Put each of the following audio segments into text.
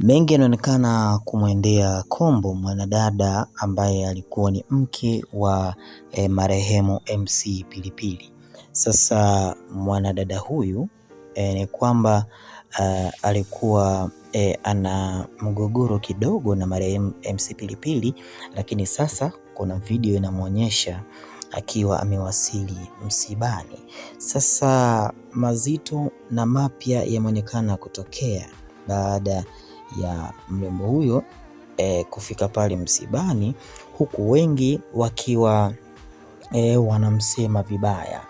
Mengi yanaonekana kumwendea kombo mwanadada ambaye alikuwa ni mke wa e, marehemu MC Pilipili. Sasa mwanadada huyu e, ni kwamba a, eh, alikuwa e, ana mgogoro kidogo na marehemu MC Pilipili, lakini sasa kuna video inamwonyesha akiwa amewasili msibani. Sasa mazito na mapya yameonekana kutokea baada ya mrembo huyo e, kufika pale msibani, huku wengi wakiwa e, wanamsema vibaya.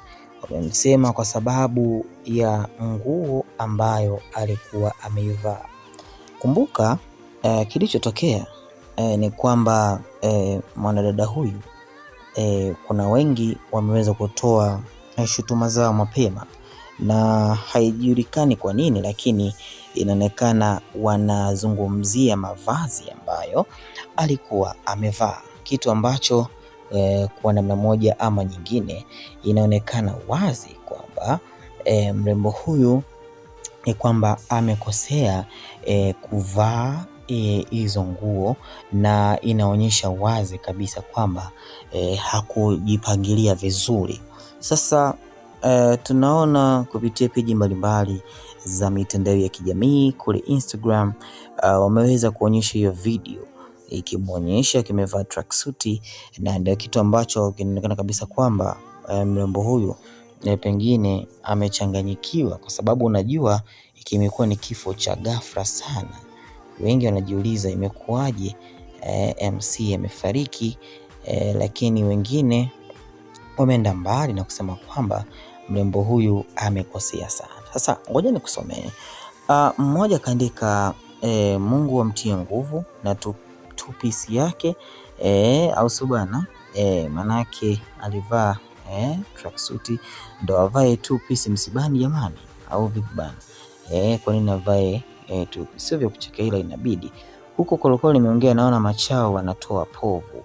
Wamemsema kwa sababu ya nguo ambayo alikuwa ameivaa. Kumbuka e, kilichotokea e, ni kwamba e, mwanadada huyu e, kuna wengi wameweza kutoa e, shutuma zao mapema na haijulikani kwa nini, lakini inaonekana wanazungumzia mavazi ambayo alikuwa amevaa, kitu ambacho e, kwa namna moja ama nyingine inaonekana wazi kwamba e, mrembo huyu ni kwamba amekosea e, kuvaa hizo e, nguo na inaonyesha wazi kabisa kwamba e, hakujipangilia vizuri. Sasa Eh, tunaona kupitia peji mbalimbali za mitandao ya kijamii kule Instagram, uh, wameweza kuonyesha hiyo video ikimwonyesha kimevaa tracksuit na ndio kitu ambacho kinaonekana kabisa kwamba uh, mrembo huyu pengine amechanganyikiwa, kwa sababu unajua kimekuwa ni kifo cha ghafla sana. Wengi wanajiuliza imekuwaje, uh, MC amefariki, uh, lakini wengine wameenda mbali na kusema kwamba mrembo huyu amekosea sana. Sasa ngoja nikusomee. Uh, mmoja kaandika e, Mungu amtie nguvu na tu, tu yake e, au subana e, manake alivaa e, tracksuit ndo avae tu msibani jamani, au vipi bana e, kwa nini avae e, tu sio vya kucheka, ila inabidi huko. Kolokolo nimeongea, naona machao wanatoa povu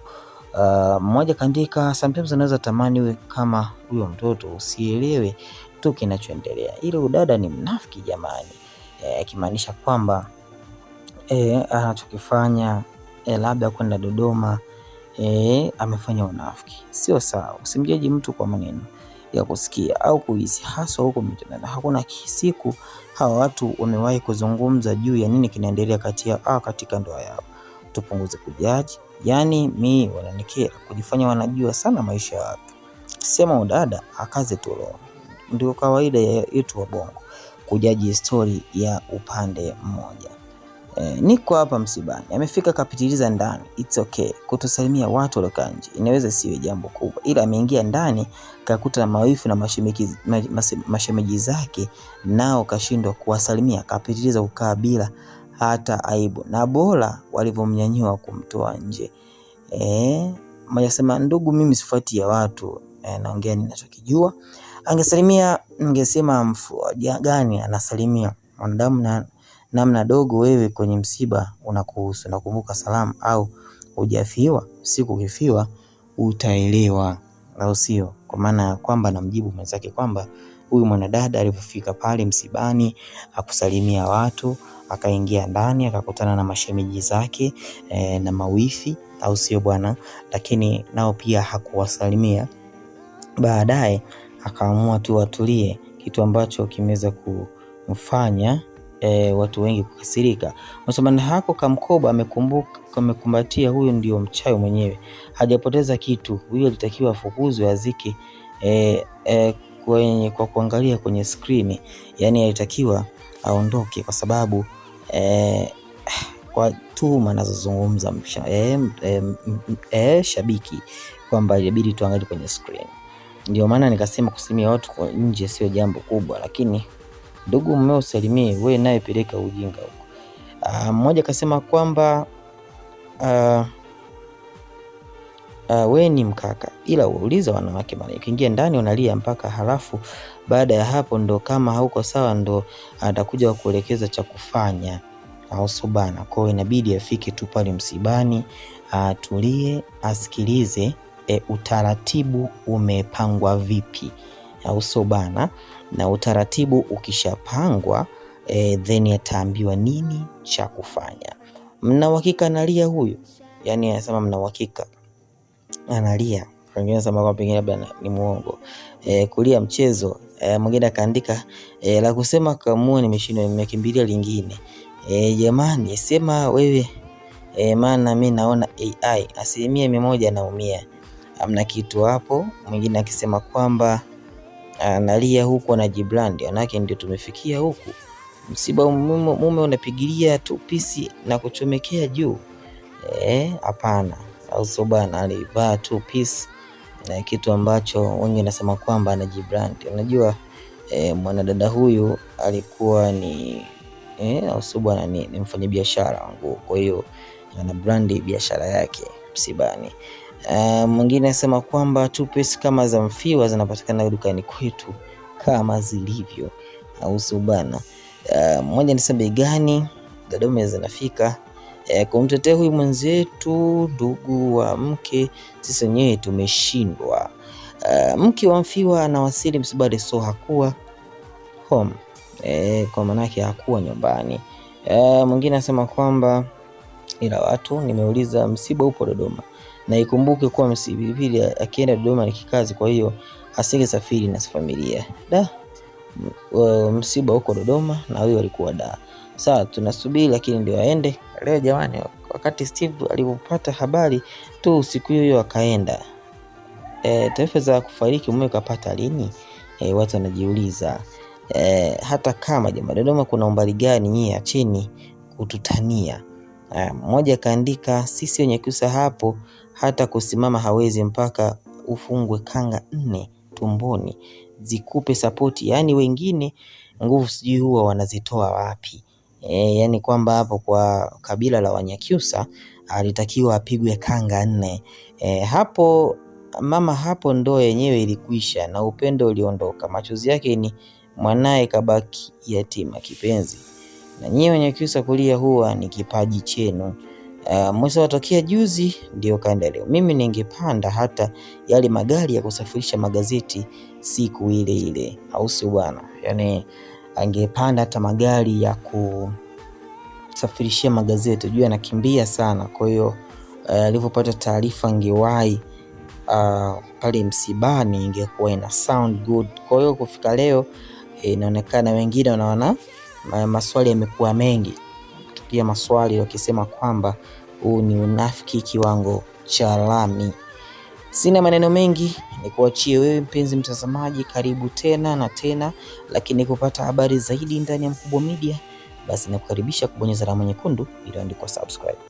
Uh, mmoja kaandika sometimes unaweza tamani we kama huyo mtoto usielewe tu kinachoendelea, ile udada ni mnafiki jamani, eh, akimaanisha e, kwamba eh, anachokifanya eh, labda kwenda Dodoma eh, amefanya unafiki. Sio sawa, usimjaji mtu kwa maneno ya kusikia au kuhisi, haswa huko mitandao. Hakuna siku hawa watu wamewahi kuzungumza juu ya nini kinaendelea kati ya ah, katika ndoa yao. Tupunguze kujaji. Yaani mi wananikera kujifanya wanajua sana maisha ya watu. Sema udada akaze tu Ndio kawaida yetu wa Bongo kujaji histori ya upande mmoja. E, niko hapa msibani, amefika kapitiliza ndani, it's okay. kutusalimia watu waliokaa nje inaweza siwe jambo kubwa, ila ameingia ndani kakuta na mawifu na mashemeji ma, zake, nao kashindwa kuwasalimia, kapitiliza kukaa bila hata aibu, na bora walivyomnyanyua kumtoa nje. E, eh, majasema ndugu, mimi sifuati ya watu e, naongea ninachokijua. Angesalimia ningesema mfu gani anasalimia mwanadamu na namna dogo, wewe kwenye msiba unakuhusu, nakumbuka salamu au hujafiwa? Siku ukifiwa utaelewa, au sio? Kwa maana ya kwamba namjibu mwenzake kwamba Huyu mwanadada alipofika pale msibani akusalimia watu, akaingia ndani akakutana na mashemeji zake e, na mawifi, au sio bwana? Lakini nao pia hakuwasalimia. Baadaye akaamua tu watulie, kitu ambacho kimeweza kumfanya E, watu wengi kukasirika. Msomani hako kamkoba amekumbuka amekumbatia, huyu ndio mchawi mwenyewe, hajapoteza kitu. Huyu alitakiwa afukuzwe azike e, e, kwenye, kwa kuangalia kwenye skrini, yani alitakiwa aondoke kwa sababu eh, kwa tuhuma anazozungumza eh, eh, eh, shabiki kwamba ilibidi tuangalie kwenye skrini. Ndio maana nikasema kusalimia watu kwa nje sio jambo kubwa, lakini ndugu mmeo usalimie we naye peleka ujinga huko. Ah, mmoja akasema kwamba uh, Uh, we ni mkaka ila uuliza wanawake mara ukiingia ndani unalia mpaka, halafu baada ya hapo ndo kama hauko sawa ndo atakuja kuelekeza cha kufanya, au so bana? Kwa hiyo inabidi afike tu pale msibani atulie, uh, asikilize e, utaratibu umepangwa vipi, au so bana? Na utaratibu ukishapangwa e, then ataambiwa nini cha kufanya. Mna uhakika analia huyu, yani anasema mna uhakika analia, wengine wanasema kwamba pengine labda ni muongo e, kulia mchezo e, mwingine akaandika e, la kusema kamua, nimeshindwa nimekimbilia lingine e, jamani sema wewe e, maana mi naona AI asilimia mia moja naumia, amna kitu hapo. Mwingine akisema kwamba analia huku na jibrand manake ndio tumefikia huku msiba mume unapigilia tu pisi na kuchomekea juu. E, hapana e, bana alivaa two piece na eh, kitu ambacho wengi nasema kwamba anajibrand. Unajua e, mwanadada huyu alikuwa ni eh, Ausoban ni, ni mfanyabiashara wa nguo, kwa hiyo ana brand biashara yake msibani. Uh, mwingine anasema kwamba two piece kama za Mfiwa zinapatikana dukani kwetu kama zilivyo, au sio bana? Uh, mmoja anasema bei gani Dodoma zinafika e, kumtetea huyu mwenzetu ndugu wa mke, sisi wenyewe tumeshindwa. E, mke wa mfiwa anawasili Msibali, so hakuwa home e, kwa yake hakuwa nyumbani. E, mwingine anasema kwamba ila watu nimeuliza msiba upo Dodoma, na ikumbuke kuwa Msipilipili akienda Dodoma ni kikazi, kwa hiyo safiri na familia. Da, msiba uko Dodoma na huyo alikuwa da Sawa, tunasubiri lakini ndio aende leo. Jamani, wakati Steve alipopata habari tu siku hiyo hiyo akaenda. E, taarifa za kufariki mume kapata lini? E, watu wanajiuliza. E, hata kama jamani, Dodoma, kuna umbali gani nyie ya chini kututania? E, mmoja kaandika sisi wenye kusa hapo, hata kusimama hawezi mpaka ufungwe kanga nne tumboni zikupe sapoti, yaani wengine nguvu sijui huwa wanazitoa wapi. E, yani kwamba hapo kwa kabila la Wanyakyusa ah, alitakiwa apigwe kanga nne. E, hapo mama, hapo ndoa yenyewe ilikwisha na upendo uliondoka. Machozi yake ni mwanaye kabaki yatima kipenzi. Na nyie Wanyakyusa kulia huwa ni kipaji chenu. Uh, e, mwisho watokea juzi ndio kaenda leo. Mimi ningepanda hata yale magari ya kusafirisha magazeti siku ile ile, au si bwana? Yani angepanda hata magari ya kusafirishia magazeti, juu anakimbia sana. Kwa hiyo eh, alivyopata uh, taarifa angewahi uh, pale msibani, ingekuwa ina sound good. Kwa hiyo kufika leo eh, inaonekana eh, wengine wanaona maswali yamekuwa mengi, tukia maswali wakisema kwamba huu ni unafiki kiwango cha lami. Sina maneno mengi ni kuachie wewe mpenzi mtazamaji, karibu tena na tena, lakini kupata habari zaidi ndani ya Mkubwa Media, basi nakukaribisha kubonyeza alama nyekundu iliyoandikwa subscribe.